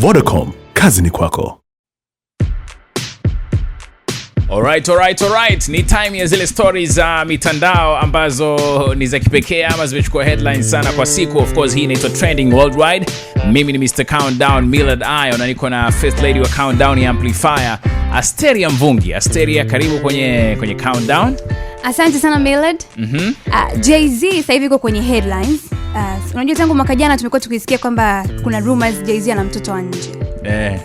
Vodacom, kazi ni kwako. Alright, alright, alright. Ni time ya zile stories za uh, mitandao ambazo ni za kipekee ama zimechukua headlines sana kwa siku. Of course, hii inaitwa trending worldwide. Mimi ni Mr Countdown Millard Ayo na niko na First Lady wa Countdown ya Amplifier, Asteria Mvungi. Asteria, karibu kwenye kwenye Countdown. Asante sana Millard. Mhm. Mm uh, Jay-Z sasa hivi kwenye headlines. Uh, unajua tangu mwaka jana tumekuwa tukisikia kwamba kuna rumors Jay-Z ana mtoto wa nje eh.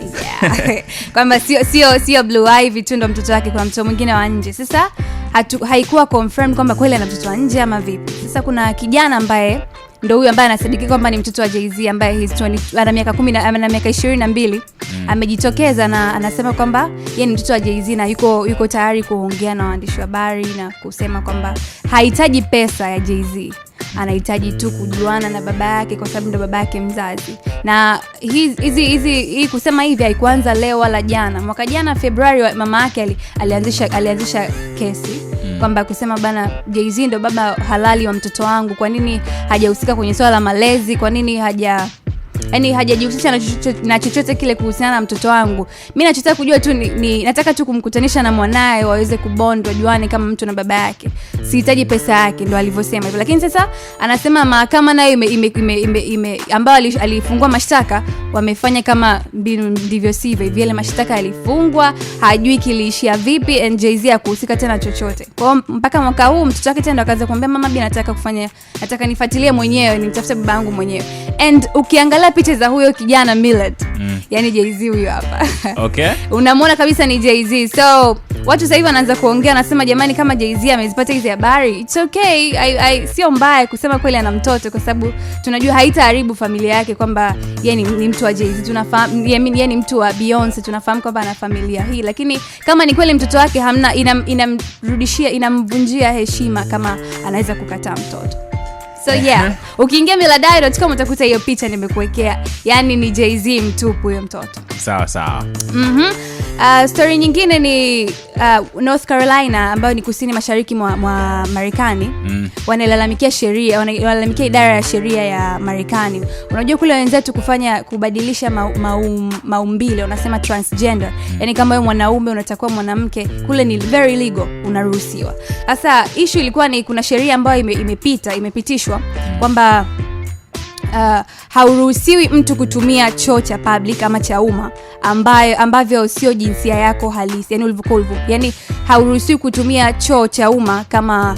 Yeah. kwamba sio sio sio Blue Ivy tu ndo mtoto wake, kuna mtoto mwingine wa nje. Sasa hatu, haikuwa confirmed kwamba kweli ana mtoto wa nje ama vipi. Sasa kuna kijana ambaye ndo huyu ambaye anasadikika kwamba ni mtoto wa Jay-Z ambaye he's 20 ana miaka 10 na miaka 22 mm. amejitokeza na anasema kwamba yeye ni mtoto wa Jay-Z na yuko, yuko tayari kuongea na waandishi wa habari na kusema kwamba hahitaji pesa ya Jay-Z anahitaji tu kujuana na baba yake kwa sababu ndo baba yake mzazi. Na hizi hizi hii kusema hivi haikuanza leo wala jana. Mwaka jana Februari, mama yake alianzisha alianzisha kesi mm. kwamba kusema bana, jz ndo baba halali wa mtoto wangu, kwa nini hajahusika kwenye swala la malezi, kwa nini haja yani hajajihusisha na, na chochote kile kuhusiana na mtoto wangu. Mi nachotaka kujua tu ni, ni, nataka tu kumkutanisha na mwanaye waweze kubond, wajuane kama mtu na baba yake, sihitaji pesa yake, ndo alivyosema hivyo. Lakini sasa anasema mahakama nayo ambayo alifungua mashtaka wamefanya kama mbinu ndivyo sivyo hivi, yale mashtaka yalifungwa, hajui kiliishia vipi, njz akuhusika tena chochote kwao mpaka mwaka huu. Mtoto wake tena akaanza kuambia mama, bi nataka kufanya, nataka nifuatilie mwenyewe, nimtafute baba yangu mwenyewe, and ukiangalia picha za huyo kijana Millet mm. yani jz huyo hapa okay. unamwona kabisa ni jz so watu sahivi wanaanza kuongea wanasema jamani kama jz amezipata hizi habari okay sio mbaya kusema kweli ana mtoto kwa sababu tunajua haitaharibu familia yake kwamba yeye ni, ni mtu wa jz z ni mtu wa bionse tunafahamu kwamba ana familia hii lakini kama ni kweli mtoto wake hamna inamrudishia ina inamvunjia heshima kama anaweza kukataa mtoto so yeah uh-huh. ukiingia miladayo.com utakuta hiyo picha nimekuwekea yani ni jz mtupu huyo mtoto sawa sawa mm-hmm. uh, stori nyingine ni uh, north carolina ambayo ni kusini mashariki mwa, mwa marekani mm. wanalalamikia sheria wanalalamikia idara ya sheria ya marekani unajua kule wenzetu kufanya kubadilisha ma, ma, maumbile unasema transgender mm. yani kama wewe mwanaume unatakua mwanamke kule ni very legal unaruhusiwa sasa ishu ilikuwa ni kuna sheria ambayo ime, imepita imepitishwa hiyo kwamba uh, hauruhusiwi mtu kutumia choo cha public ama cha umma ambayo ambavyo sio jinsia yako halisi yani ulivyokuwa yani hauruhusiwi kutumia choo cha umma kama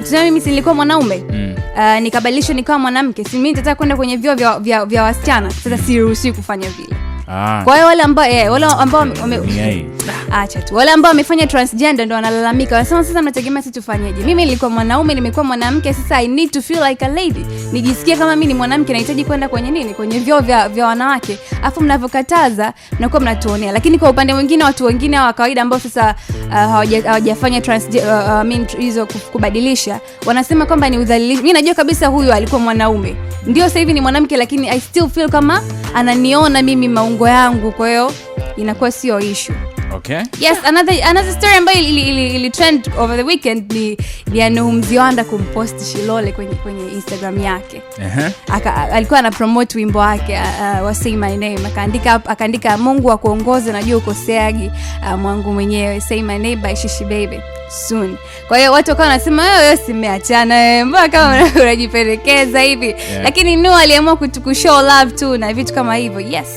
tuseme mimi silikuwa mwanaume mm. uh, nikabadilishwa nikawa mwanamke si mimi nitataka kwenda kwenye vio vya, vya, vya wasichana sasa siruhusiwi kufanya vile Ah. Kwa hiyo wale ambao eh, wale ambao wame, wame acha tu. Wale ambao wamefanya transgender ndo wanalalamika, wanasema sasa mnategemea sisi tufanyeje? Mimi nilikuwa mwanaume, nimekuwa mwanamke, sasa I need to feel like a lady, nijisikie kama mimi ni mwanamke, nahitaji kwenda kwenye nini, kwenye vyoo vya, vya wanawake, alafu mnavyokataza mnakuwa mnatuonea. Lakini kwa upande mwingine, watu wengine wa kawaida ambao sasa uh, hawajafanya uh, uh hizo uh, kubadilisha, wanasema kwamba ni udhalilisho. Mimi najua kabisa huyu alikuwa mwanaume, ndio sasa hivi ni mwanamke, lakini I still feel kama ananiona mimi maungo yangu, kwa hiyo inakuwa sio issue. Okay. Yes, another another story ambayo ili, ili, ili trend over the weekend ni, ni ya kumpost Shilole kwenye, kwenye Instagram yake. Uh-huh. Aka, alikuwa ana promote wimbo wake uh, uh, wa Say My Name. Akaandika akaandika Mungu akuongoze najua ukoseagi uh, mwangu mwenyewe Say My Name by Shishi Baby soon. Kwa hiyo watu wakawa wanasema wewe simeachana wewe mbona kama unajipendekeza hivi. Yeah. Lakini Nuhu aliamua kutukushow love tu na vitu kama hivyo. Yes.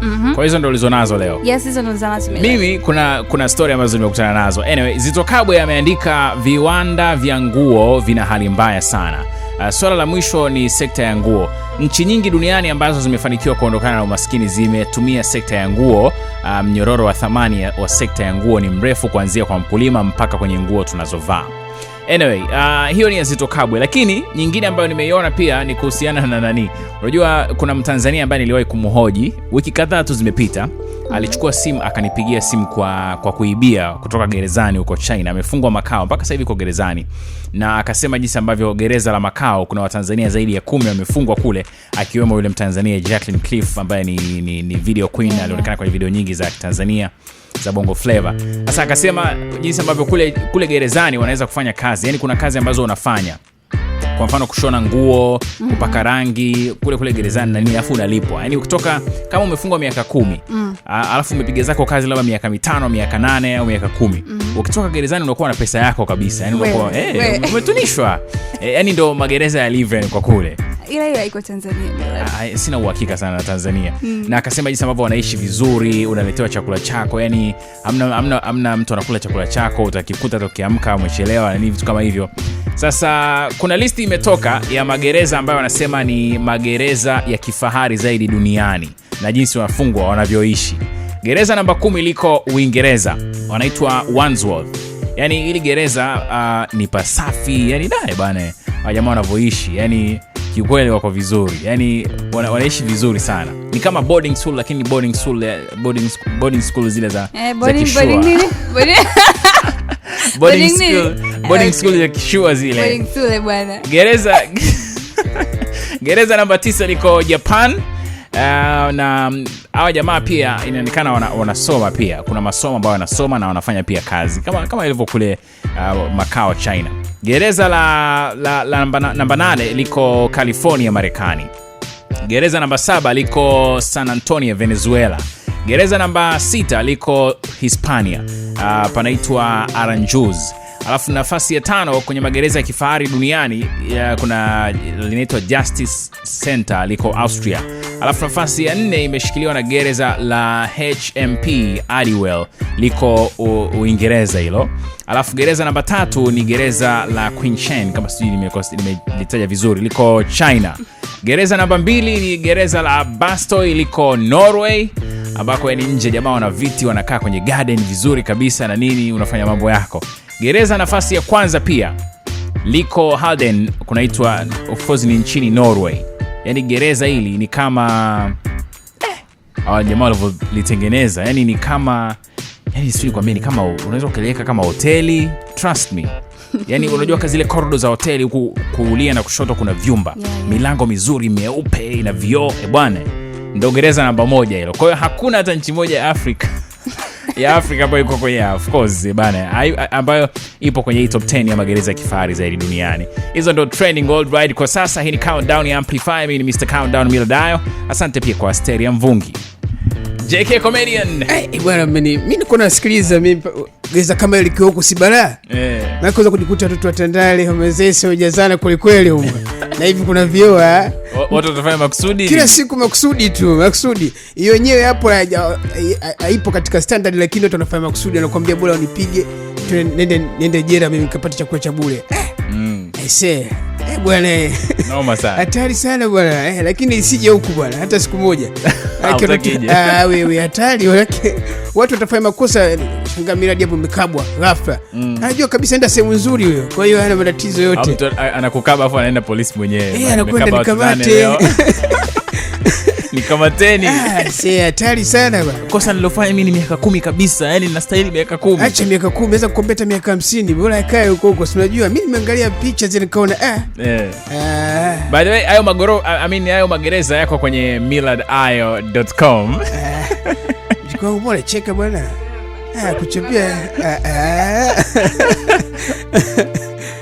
Mhm. Kwa hizo ndo ulizonazo leo. Yes, mimi. kuna kuna stori ambazo nimekutana nazo. Anyway, zitokabwe ameandika viwanda vya nguo vina hali mbaya sana. Uh, swala la mwisho ni sekta ya nguo. Nchi nyingi duniani ambazo zimefanikiwa kuondokana na umaskini zimetumia sekta ya nguo. Uh, mnyororo um, wa thamani wa sekta ya nguo ni mrefu kuanzia kwa mkulima mpaka kwenye nguo tunazovaa. Anyway, uh, hiyo ni Azito Kabwe, lakini nyingine ambayo nimeiona pia ni kuhusiana na nani. Unajua kuna Mtanzania ambaye niliwahi kumhoji wiki kadhaa tu zimepita mhm. alichukua simu akanipigia simu kwa, kwa kuibia kutoka gerezani huko China. Amefungwa Makao, mpaka sasa hivi gerezani, na akasema jinsi ambavyo gereza la Makao kuna Watanzania zaidi ya kumi wamefungwa kule, akiwemo yule Mtanzania Jacqueline Cliff ambaye ni, ni, ni video queen, mhm. alionekana kwenye video nyingi za Tanzania za Bongo Flava. Sasa akasema jinsi ambavyo kule, kule gerezani wanaweza kufanya kazi, yani kuna kazi ambazo unafanya kwa mfano kushona nguo, kupaka rangi kule kule gerezani na nini, alafu unalipwa. Yani ukitoka kama umefungwa miaka kumi alafu umepiga zako kazi labda miaka mitano, miaka nane au miaka kumi mm. ukitoka gerezani unakuwa na pesa yako kabisa, yani eh, umetunishwa. Eh, yani ndo magereza yalivyo yaani kwa kule sina uhakika sana na Tanzania mm. Na akasema jinsi ambavyo wanaishi vizuri, unaletewa chakula chako, yani amna, mtu anakula chakula chako utakikuta tokiamka mwechelewa na vitu kama hivyo. Sasa kuna listi imetoka ya magereza ambayo wanasema ni magereza ya kifahari zaidi duniani na jinsi wafungwa wanavyoishi. Gereza namba kumi liko Uingereza, wanaitwa wansworth Yani hili gereza uh, ni pasafi yani, dae bana, wajamaa wanavyoishi yani kiukweli wako vizuri yani wana, wanaishi vizuri sana ni kama boarding school lakini boarding school, boarding, boarding school zile za, eh, boarding, za kishua boarding, boarding, boarding school, boarding school za kishua zile boarding school, bwana. gereza gereza namba 9 liko japan Uh, na mm, hawa jamaa pia inaonekana wana, wanasoma pia kuna masomo ambayo wanasoma na wanafanya pia kazi kama, kama ilivyo kule uh, makao china Gereza la, la, la namba 8 liko California, Marekani. Gereza namba saba liko San Antonio, Venezuela. Gereza namba 6 liko Hispania, uh, panaitwa aranjus Alafu nafasi ya tano kwenye magereza ya kifahari duniani ya kuna linaitwa Justice Center liko Austria. Alafu nafasi ya nne imeshikiliwa na gereza la HMP Adiwell, liko Uingereza hilo. Alafu gereza namba tatu ni gereza la quinchen kama sijui nimelitaja vizuri, liko China. Gereza namba mbili ni gereza la Bastøy liko Norway, ambako ni nje, jamaa wana viti wanakaa kwenye garden vizuri kabisa na nini, unafanya mambo yako. Gereza nafasi ya kwanza pia liko Halden, kunaitwa of ni nchini Norway yani gereza hili ni kama hawa jamaa walivyolitengeneza, yani ni kama yani, sijui kwambia, ni kama unaweza ukaliweka kama hoteli, trust me yani unajua ka zile korido za hoteli huku kuulia na kushoto kuna vyumba yeah, yeah. Milango mizuri meupe ina vioo eh, bwana, ndo gereza namba moja hilo. Kwa hiyo hakuna hata nchi moja ya Afrika ya Afrika ambayo iko kwenye of course bana, ambayo ipo kwenye top 10 ya magereza ya kifahari zaidi duniani. Hizo ndo trending worldwide kwa sasa. Hii ni Countdown ya Amplify. Mimi ni Mr Countdown Miladayo. Asante pia kwa Asteria Mvungi, JK Comedian. Hey, bwana mimi mimi niko nasikiliza mimi geza kama likiwa huko si balaa. Eh. Na kuweza kujikuta watoto watandale Tandale wajazana hujazana huko na hivi kuna vyeo eh? watu watafanya makusudi, kila siku makusudi tu makusudi. Hiyo yenyewe hapo haipo katika standard, lakini watu wanafanya makusudi, anakuambia bora unipige, nende nende jera, mimi nikapata chakula cha bure. Mm. I say Eh, eh. sana. Hatari sana bwana. Eh, lakini isije huku bwana hata siku moja. Ah, ah, wewe hatari Watu watafanya makosa shanga eh, miradi apo mekabwa ghafla. Mm. Anajua kabisa enda sehemu nzuri huyo. Kwa hiyo ana matatizo yote. Anakukaba afu anaenda polisi mwenyewe. Eh, anakwenda nikamate. nikamateni. Ah, si hatari sana bwana. Kosa nilofanya mimi ni miaka kumi kabisa, yani ninastahili miaka kumi. Acha miaka kumi, naweza hata miaka hamsini. Bora akae huko huko, si unajua mimi nimeangalia picha zile nikaona ah. Eh. Ah. By the way, hayo magoro I mean hayo magereza yako kwenye millardayo.com. Jikwangu ah. bora cheka bwana. Ah, kuchapia. Ah, ah.